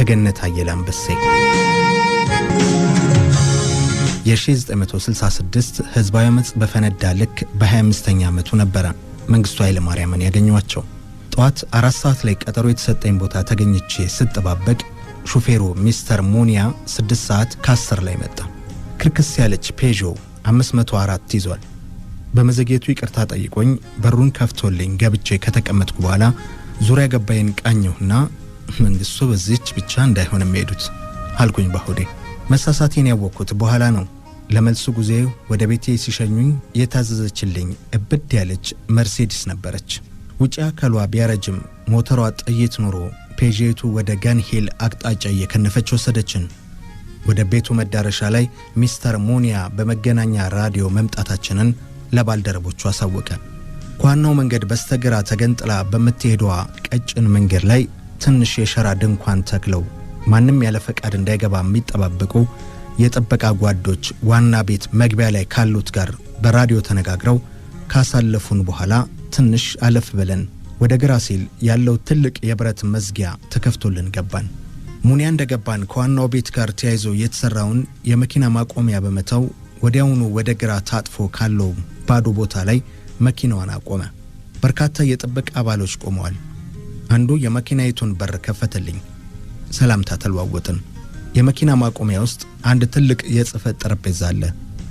ከገነት አየለ አንበሴ የ1966 ህዝባዊ ዓመፅ በፈነዳ ልክ በ25ኛ ዓመቱ ነበረ መንግሥቱ ማርያምን ያገኟቸው። ጠዋት አራት ሰዓት ላይ ቀጠሮ የተሰጠኝ ቦታ ተገኝቼ ስጠባበቅ ሹፌሩ ሚስተር ሞኒያ 6 ሰዓት ከ10 ላይ መጣ። ክርክስ ያለች ፔዦ 504 ይዟል። በመዘግየቱ ይቅርታ ጠይቆኝ በሩን ከፍቶልኝ ገብቼ ከተቀመጥኩ በኋላ ዙሪያ ገባይን ቃኘሁና መንግስቱ በዚህች ብቻ እንዳይሆን የሚሄዱት አልኩኝ ባሁዴ መሳሳቴን ያወቅኩት በኋላ ነው። ለመልሱ ጉዜ ወደ ቤቴ ሲሸኙኝ የታዘዘችልኝ እብድ ያለች መርሴዲስ ነበረች። ውጪ አካሏ ቢያረጅም ሞተሯ ጥይት ኑሮ ፔዤቱ ወደ ጋንሂል አቅጣጫ እየከነፈች ወሰደችን። ወደ ቤቱ መዳረሻ ላይ ሚስተር ሞኒያ በመገናኛ ራዲዮ መምጣታችንን ለባልደረቦቹ አሳወቀ። ከዋናው መንገድ በስተግራ ተገንጥላ በምትሄደዋ ቀጭን መንገድ ላይ ትንሽ የሸራ ድንኳን ተክለው ማንም ያለ ፈቃድ እንዳይገባ የሚጠባበቁ የጥበቃ ጓዶች ዋና ቤት መግቢያ ላይ ካሉት ጋር በራዲዮ ተነጋግረው ካሳለፉን በኋላ ትንሽ አለፍ ብለን ወደ ግራ ሲል ያለው ትልቅ የብረት መዝጊያ ተከፍቶልን ገባን። ሙኒያ እንደገባን ከዋናው ቤት ጋር ተያይዞ የተሰራውን የመኪና ማቆሚያ በመተው ወዲያውኑ ወደ ግራ ታጥፎ ካለው ባዶ ቦታ ላይ መኪናዋን አቆመ። በርካታ የጥበቃ አባሎች ቆመዋል። አንዱ የመኪናይቱን በር ከፈተልኝ። ሰላምታ ተለዋወጥን። የመኪና ማቆሚያ ውስጥ አንድ ትልቅ የጽህፈት ጠረጴዛ አለ።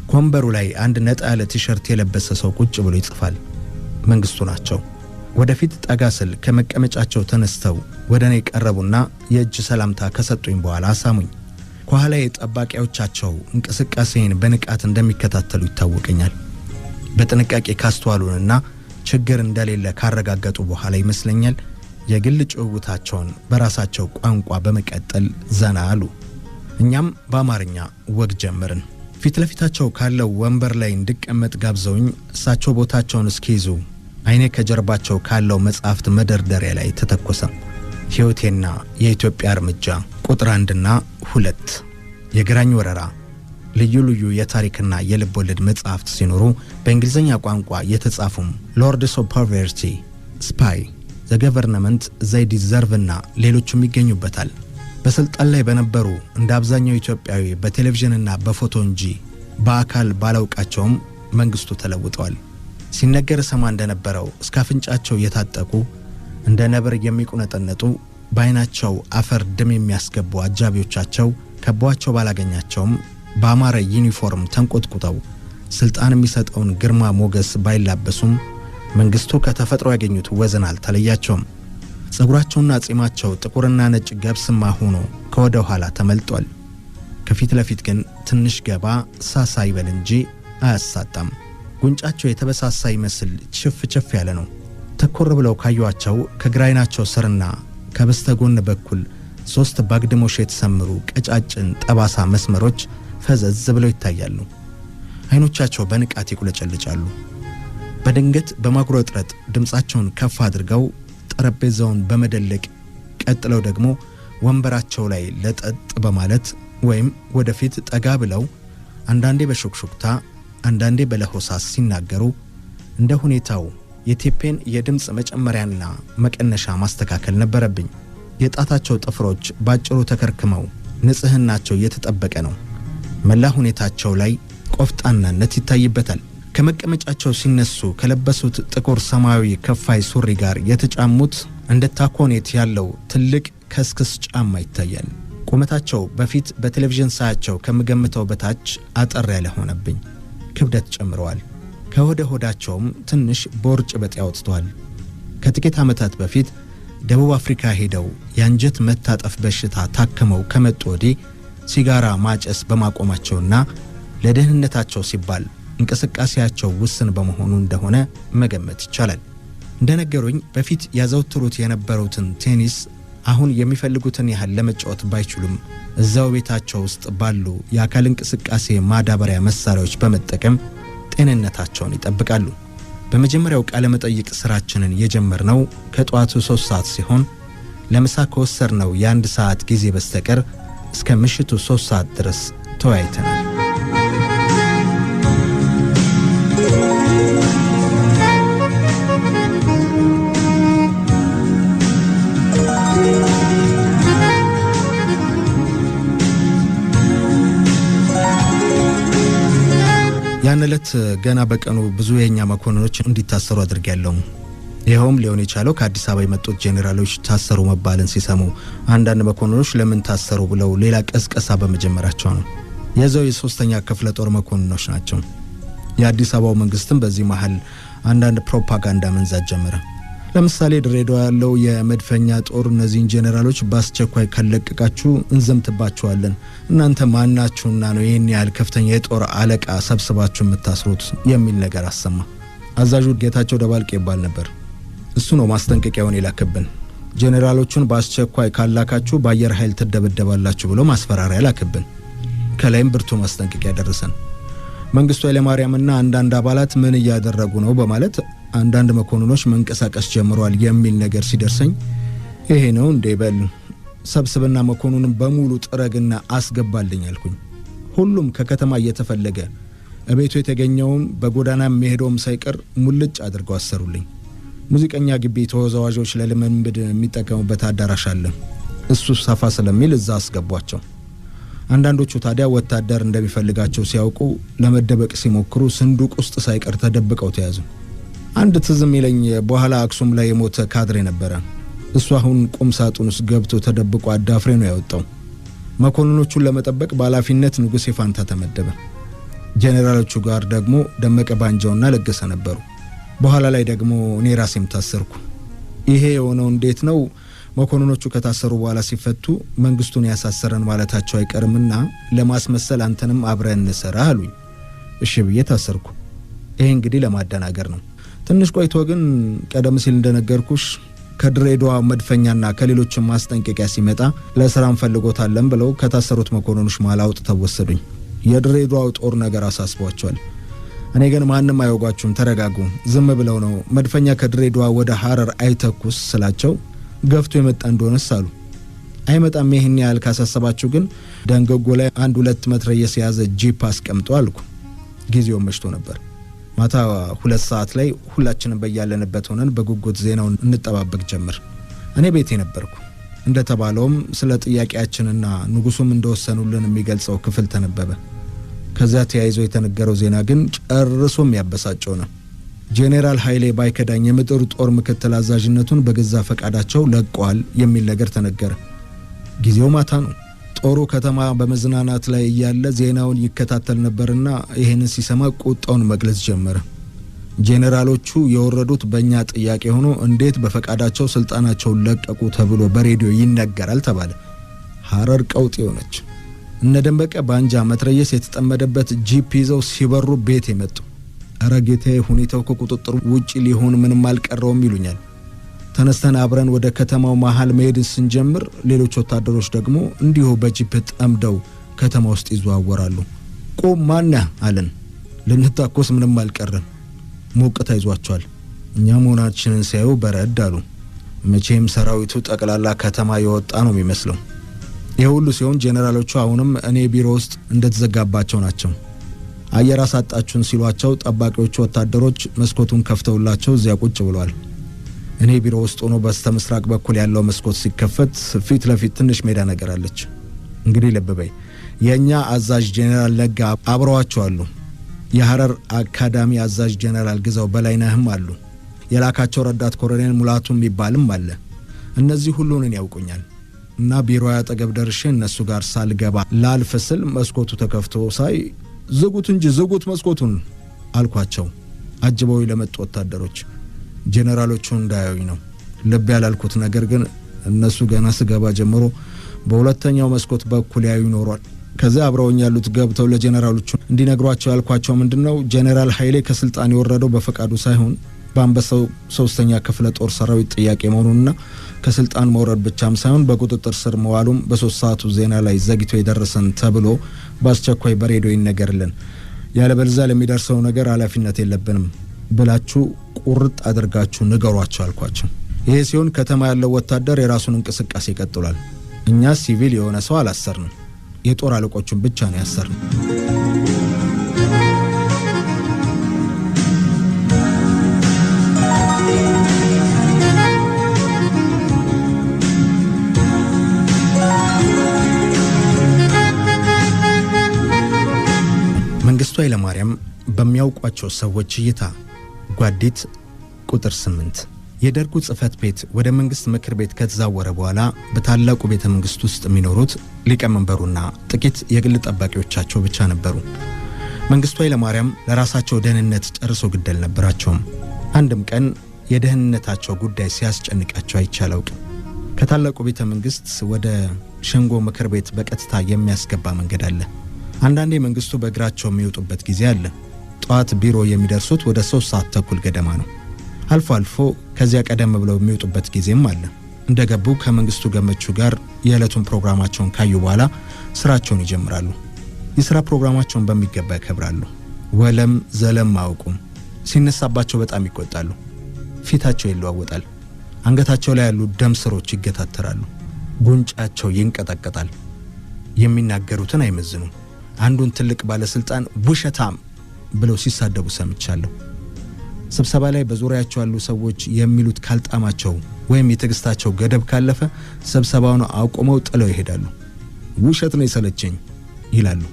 ከወንበሩ ላይ አንድ ነጣ ያለ ቲሸርት የለበሰ ሰው ቁጭ ብሎ ይጽፋል። መንግሥቱ ናቸው። ወደፊት ጠጋ ስል ከመቀመጫቸው ተነስተው ወደ እኔ ቀረቡና የእጅ ሰላምታ ከሰጡኝ በኋላ አሳሙኝ። ከኋላ ጠባቂዎቻቸው እንቅስቃሴን በንቃት እንደሚከታተሉ ይታወቀኛል። በጥንቃቄ ካስተዋሉንና ችግር እንደሌለ ካረጋገጡ በኋላ ይመስለኛል የግል ጭውውታቸውን በራሳቸው ቋንቋ በመቀጠል ዘና አሉ። እኛም በአማርኛ ወግ ጀመርን። ፊት ለፊታቸው ካለው ወንበር ላይ እንድቀመጥ ጋብዘውኝ እሳቸው ቦታቸውን እስኪይዙ አይኔ ከጀርባቸው ካለው መጽሐፍት መደርደሪያ ላይ ተተኮሰ። ሕይወቴና የኢትዮጵያ እርምጃ ቁጥር አንድና ሁለት፣ የግራኝ ወረራ፣ ልዩ ልዩ የታሪክና የልብ ወለድ መጽሐፍት ሲኖሩ በእንግሊዝኛ ቋንቋ የተጻፉም ሎርድስ ኦፍ ፖቨርቲ፣ ስፓይ ዘገቨርንመንት ዘይ እና ሌሎችም ይገኙበታል። በስልጣን ላይ በነበሩ እንደ አብዛኛው ኢትዮጵያዊ በቴሌቪዥንና በፎቶ እንጂ በአካል ባላውቃቸውም መንግስቱ ተለውጠዋል። ሲነገር ሰማ እንደነበረው እስከ አፍንጫቸው የታጠቁ እንደ ነብር የሚቁነጠነጡ በዓይናቸው አፈር ድም የሚያስገቡ አጃቢዎቻቸው ከቧቸው ባላገኛቸውም በአማረ ዩኒፎርም ተንቆጥቁጠው ስልጣን የሚሰጠውን ግርማ ሞገስ ባይላበሱም መንግስቱ ከተፈጥሮ ያገኙት ወዘን አልተለያቸውም። ጸጉራቸውና ጺማቸው ጥቁርና ነጭ ገብስማ ሆኖ ከወደ ኋላ ተመልጧል። ከፊት ለፊት ግን ትንሽ ገባ ሳሳ ይበል እንጂ አያሳጣም። ጉንጫቸው የተበሳሳ ይመስል ችፍ ችፍ ያለ ነው። ትኩር ብለው ካዩዋቸው ከግራ ዓይናቸው ስርና ከበስተጎን በኩል ሦስት ባግድሞሽ የተሰመሩ ቀጫጭን ጠባሳ መስመሮች ፈዘዝ ብለው ይታያሉ። አይኖቻቸው በንቃት ይቁለጨልጫሉ። በድንገት በማጉረጥረጥ ድምፃቸውን ከፍ አድርገው ጠረጴዛውን በመደለቅ ቀጥለው ደግሞ ወንበራቸው ላይ ለጠጥ በማለት ወይም ወደፊት ጠጋ ብለው አንዳንዴ በሹክሹክታ አንዳንዴ በለሆሳስ ሲናገሩ እንደ ሁኔታው የቴፔን የድምፅ መጨመሪያና መቀነሻ ማስተካከል ነበረብኝ። የጣታቸው ጥፍሮች ባጭሩ ተከርክመው ንጽሕናቸው እየተጠበቀ ነው። መላ ሁኔታቸው ላይ ቆፍጣናነት ይታይበታል። ከመቀመጫቸው ሲነሱ ከለበሱት ጥቁር ሰማያዊ ከፋይ ሱሪ ጋር የተጫሙት እንደ ታኮኔት ያለው ትልቅ ከስክስ ጫማ ይታያል። ቁመታቸው በፊት በቴሌቪዥን ሳያቸው ከምገምተው በታች አጠር ያለ ሆነብኝ። ክብደት ጨምረዋል። ከሆደ ሆዳቸውም ትንሽ ቦርጭ በጤ አውጥተዋል። ከጥቂት ዓመታት በፊት ደቡብ አፍሪካ ሄደው የአንጀት መታጠፍ በሽታ ታክመው ከመጡ ወዲህ ሲጋራ ማጨስ በማቆማቸውና ለደህንነታቸው ሲባል እንቅስቃሴያቸው ውስን በመሆኑ እንደሆነ መገመት ይቻላል። እንደነገሩኝ በፊት ያዘወትሩት የነበሩትን ቴኒስ አሁን የሚፈልጉትን ያህል ለመጫወት ባይችሉም እዛው ቤታቸው ውስጥ ባሉ የአካል እንቅስቃሴ ማዳበሪያ መሳሪያዎች በመጠቀም ጤንነታቸውን ይጠብቃሉ። በመጀመሪያው ቃለመጠይቅ ስራችንን የጀመርነው ከጠዋቱ ሶስት ሰዓት ሲሆን ለምሳ ከወሰድነው የአንድ ሰዓት ጊዜ በስተቀር እስከ ምሽቱ ሶስት ሰዓት ድረስ ተወያይተናል። ያን ዕለት ገና በቀኑ ብዙ የኛ መኮንኖች እንዲታሰሩ አድርጌያለሁ። ይኸውም ሊሆን የቻለው ከአዲስ አበባ የመጡት ጄኔራሎች ታሰሩ መባልን ሲሰሙ አንዳንድ መኮንኖች ለምን ታሰሩ ብለው ሌላ ቀስቀሳ በመጀመራቸው ነው። የዛው የሶስተኛ ክፍለ ጦር መኮንኖች ናቸው። የአዲስ አበባው መንግስትም በዚህ መሀል አንዳንድ ፕሮፓጋንዳ መንዛት ጀመረ። ለምሳሌ ድሬዳዋ ያለው የመድፈኛ ጦር እነዚህን ጄኔራሎች በአስቸኳይ ከለቀቃችሁ እንዘምትባችኋለን። እናንተ ማናችሁና ነው ይህን ያህል ከፍተኛ የጦር አለቃ ሰብስባችሁ የምታስሩት? የሚል ነገር አሰማ። አዛዡ ጌታቸው ደባልቅ ይባል ነበር። እሱ ነው ማስጠንቀቂያውን የላክብን። ጄኔራሎቹን በአስቸኳይ ካላካችሁ በአየር ኃይል ትደበደባላችሁ ብሎ ማስፈራሪያ ላክብን። ከላይም ብርቱ ማስጠንቀቂያ ደረሰን። መንግስቱ ኃይለማርያምና አንዳንድ አባላት ምን እያደረጉ ነው በማለት አንዳንድ መኮንኖች መንቀሳቀስ ጀምረዋል የሚል ነገር ሲደርሰኝ ይሄ ነው እንዴ በል ሰብስብና መኮንኑን በሙሉ ጥረግና አስገባልኝ አልኩኝ። ሁሉም ከከተማ እየተፈለገ እቤቱ የተገኘውም በጎዳና የሚሄደውም ሳይቀር ሙልጭ አድርገው አሰሩልኝ። ሙዚቀኛ ግቢ ተወዛዋዦች ለልምምድ የሚጠቀሙበት አዳራሽ አለ። እሱ ሰፋ ስለሚል እዛ አስገቧቸው። አንዳንዶቹ ታዲያ ወታደር እንደሚፈልጋቸው ሲያውቁ ለመደበቅ ሲሞክሩ ስንዱቅ ውስጥ ሳይቀር ተደብቀው ተያዙ። አንድ ትዝም ይለኝ በኋላ አክሱም ላይ የሞተ ካድሬ ነበረ። እሱ አሁን ቁም ሳጥን ውስጥ ገብቶ ተደብቆ አዳፍሬ ነው ያወጣው። መኮንኖቹን ለመጠበቅ በኃላፊነት ንጉሴ ፋንታ ተመደበ። ጄኔራሎቹ ጋር ደግሞ ደመቀ ባንጃውና ለገሰ ነበሩ። በኋላ ላይ ደግሞ እኔ ራሴም ታሰርኩ። ይሄ የሆነው እንዴት ነው? መኮንኖቹ ከታሰሩ በኋላ ሲፈቱ መንግስቱን ያሳሰረን ማለታቸው አይቀርምና ለማስመሰል አንተንም አብረን እንሰራ አሉኝ። እሺ ብዬ ታሰርኩ። ይሄ እንግዲህ ለማደናገር ነው። ትንሽ ቆይቶ ግን ቀደም ሲል እንደነገርኩሽ ከድሬዳዋ መድፈኛና ከሌሎችም ማስጠንቀቂያ ሲመጣ ለስራ እንፈልጎታለን ብለው ከታሰሩት መኮንኖች መሃል አውጥተው ወሰዱኝ። የድሬዳዋው ጦር ነገር አሳስቧቸዋል። እኔ ግን ማንም አይወጓችሁም፣ ተረጋጉ፣ ዝም ብለው ነው መድፈኛ ከድሬዳዋ ወደ ሀረር አይተኩስ ስላቸው ገፍቶ የመጣ እንደሆነስ አሉ። አይመጣም ይህን ያህል ካሳሰባችሁ ግን ደንገጎ ላይ አንድ ሁለት መትረየስ የያዘ ጂፕ አስቀምጦ አልኩ። ጊዜው መሽቶ ነበር። ማታ ሁለት ሰዓት ላይ ሁላችንም በያለንበት ሆነን በጉጉት ዜናውን እንጠባበቅ ጀምር። እኔ ቤቴ ነበርኩ። እንደተባለውም ስለ ጥያቄያችንና ንጉሱም እንደወሰኑልን የሚገልጸው ክፍል ተነበበ። ከዚያ ተያይዞ የተነገረው ዜና ግን ጨርሶም ያበሳጨው ነው። ጄኔራል ኃይሌ ባይከዳኝ የምድር ጦር ምክትል አዛዥነቱን በገዛ ፈቃዳቸው ለቀዋል የሚል ነገር ተነገረ። ጊዜው ማታ ነው። ጦሩ ከተማ በመዝናናት ላይ እያለ ዜናውን ይከታተል ነበርና ይህንን ሲሰማ ቁጣውን መግለጽ ጀመረ። ጄኔራሎቹ የወረዱት በእኛ ጥያቄ ሆኖ እንዴት በፈቃዳቸው ስልጣናቸውን ለቀቁ ተብሎ በሬዲዮ ይነገራል ተባለ። ሀረር ቀውጥ የሆነች! እነ ደንበቀ በአንጃ መትረየስ የተጠመደበት ጂፕ ይዘው ሲበሩ ቤት የመጡ እረ ጌታዬ፣ ሁኔታው ከቁጥጥር ውጭ ሊሆን ምንም አልቀረውም ይሉኛል። ተነስተን አብረን ወደ ከተማው መሃል መሄድ ስንጀምር ሌሎች ወታደሮች ደግሞ እንዲሁ በጅፕ ጠምደው ከተማ ውስጥ ይዘዋወራሉ። ቁም ማነህ አለን። ልንታኮስ ምንም አልቀረን። ሞቅታ ይዟቸዋል። እኛ መሆናችንን ሲያዩ በረድ አሉ። መቼም ሰራዊቱ ጠቅላላ ከተማ የወጣ ነው የሚመስለው። ይህ ሁሉ ሲሆን ጄኔራሎቹ አሁንም እኔ ቢሮ ውስጥ እንደተዘጋባቸው ናቸው። አየር አሳጣችሁን ሲሏቸው ጠባቂዎቹ ወታደሮች መስኮቱን ከፍተውላቸው እዚያ ቁጭ ብሏል። እኔ ቢሮ ውስጥ ሆኖ በስተ ምስራቅ በኩል ያለው መስኮት ሲከፈት ፊት ለፊት ትንሽ ሜዳ ነገር አለች። እንግዲህ ልብ በይ፣ የእኛ አዛዥ ጄኔራል ነጋ አብረዋቸው አሉ። የሐረር አካዳሚ አዛዥ ጄኔራል ግዛው በላይነህም አሉ። የላካቸው ረዳት ኮሎኔል ሙላቱ የሚባልም አለ። እነዚህ ሁሉንን ያውቁኛል እና ቢሮ ያጠገብ ደርሼ እነሱ ጋር ሳልገባ ላልፍ ስል መስኮቱ ተከፍቶ ሳይ ዝጉት እንጂ ዝጉት መስኮቱን አልኳቸው። አጅበው ለመጡ ወታደሮች ጄኔራሎቹ እንዳያዩኝ ነው ልብ ያላልኩት። ነገር ግን እነሱ ገና ስገባ ጀምሮ በሁለተኛው መስኮት በኩል ያዩ ይኖሯል። ከዚያ አብረውኝ ያሉት ገብተው ለጄኔራሎቹ እንዲነግሯቸው ያልኳቸው ምንድን ነው ጄኔራል ኃይሌ ከስልጣን የወረደው በፈቃዱ ሳይሆን በአንበሳው ሶስተኛ ክፍለ ጦር ሰራዊት ጥያቄ መሆኑንና ከስልጣን መውረድ ብቻም ሳይሆን በቁጥጥር ስር መዋሉም በሶስት ሰዓቱ ዜና ላይ ዘግቶ የደረሰን ተብሎ በአስቸኳይ በሬዲዮ ይነገርልን፣ ያለበለዚያ ለሚደርሰው ነገር ኃላፊነት የለብንም ብላችሁ ቁርጥ አድርጋችሁ ንገሯቸው አልኳቸው። ይሄ ሲሆን ከተማ ያለው ወታደር የራሱን እንቅስቃሴ ይቀጥሏል። እኛ ሲቪል የሆነ ሰው አላሰርንም፣ የጦር አለቆቹን ብቻ ነው ያሰርነው። ኃይለማርያም በሚያውቋቸው ሰዎች እይታ ጓዲት ቁጥር 8 የደርጉ ጽፈት ቤት ወደ መንግሥት ምክር ቤት ከተዛወረ በኋላ በታላቁ ቤተ መንግሥት ውስጥ የሚኖሩት ሊቀመንበሩና ጥቂት የግል ጠባቂዎቻቸው ብቻ ነበሩ። መንግሥቱ ኃይለማርያም ለራሳቸው ደህንነት ጨርሶ ግድ አልነበራቸውም። አንድም ቀን የደህንነታቸው ጉዳይ ሲያስጨንቃቸው አይቼ አላውቅም። ከታላቁ ቤተ መንግሥት ወደ ሸንጎ ምክር ቤት በቀጥታ የሚያስገባ መንገድ አለ። አንዳንዴ መንግስቱ በእግራቸው የሚወጡበት ጊዜ አለ። ጠዋት ቢሮ የሚደርሱት ወደ ሶስት ሰዓት ተኩል ገደማ ነው። አልፎ አልፎ ከዚያ ቀደም ብለው የሚወጡበት ጊዜም አለ። እንደገቡ ከመንግስቱ ገመቹ ጋር የዕለቱን ፕሮግራማቸውን ካዩ በኋላ ስራቸውን ይጀምራሉ። የስራ ፕሮግራማቸውን በሚገባ ያከብራሉ። ወለም ዘለም አያውቁም። ሲነሳባቸው በጣም ይቆጣሉ። ፊታቸው ይለዋወጣል። አንገታቸው ላይ ያሉ ደም ስሮች ይገታተራሉ። ጉንጫቸው ይንቀጠቀጣል። የሚናገሩትን አይመዝኑም። አንዱን ትልቅ ባለስልጣን ውሸታም ብለው ሲሳደቡ ሰምቻለሁ። ስብሰባ ላይ በዙሪያቸው ያሉ ሰዎች የሚሉት ካልጣማቸው ወይም የትዕግስታቸው ገደብ ካለፈ ስብሰባውን አቁመው ጥለው ይሄዳሉ። ውሸት ነው የሰለቸኝ ይላሉ።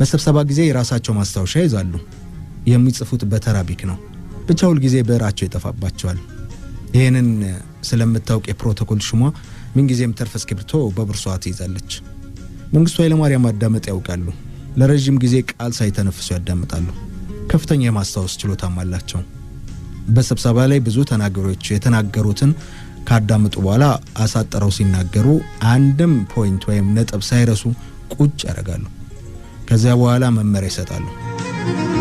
በስብሰባ ጊዜ የራሳቸው ማስታወሻ ይዛሉ። የሚጽፉት በተራቢክ ነው። ብቻ ሁል ጊዜ ብዕራቸው ይጠፋባቸዋል። ይህንን ስለምታውቅ የፕሮቶኮል ሹሟ ምንጊዜም ተርፍ እስክሪብቶ በብርሷ ትይዛለች። መንግስቱ ኃይለማርያም አዳመጥ ያውቃሉ። ለረዥም ጊዜ ቃል ሳይተነፍሱ ያዳምጣሉ። ከፍተኛ የማስታወስ ችሎታም አላቸው። በስብሰባ ላይ ብዙ ተናጋሪዎች የተናገሩትን ካዳምጡ በኋላ አሳጥረው ሲናገሩ አንድም ፖይንት ወይም ነጥብ ሳይረሱ ቁጭ ያደርጋሉ። ከዚያ በኋላ መመሪያ ይሰጣሉ።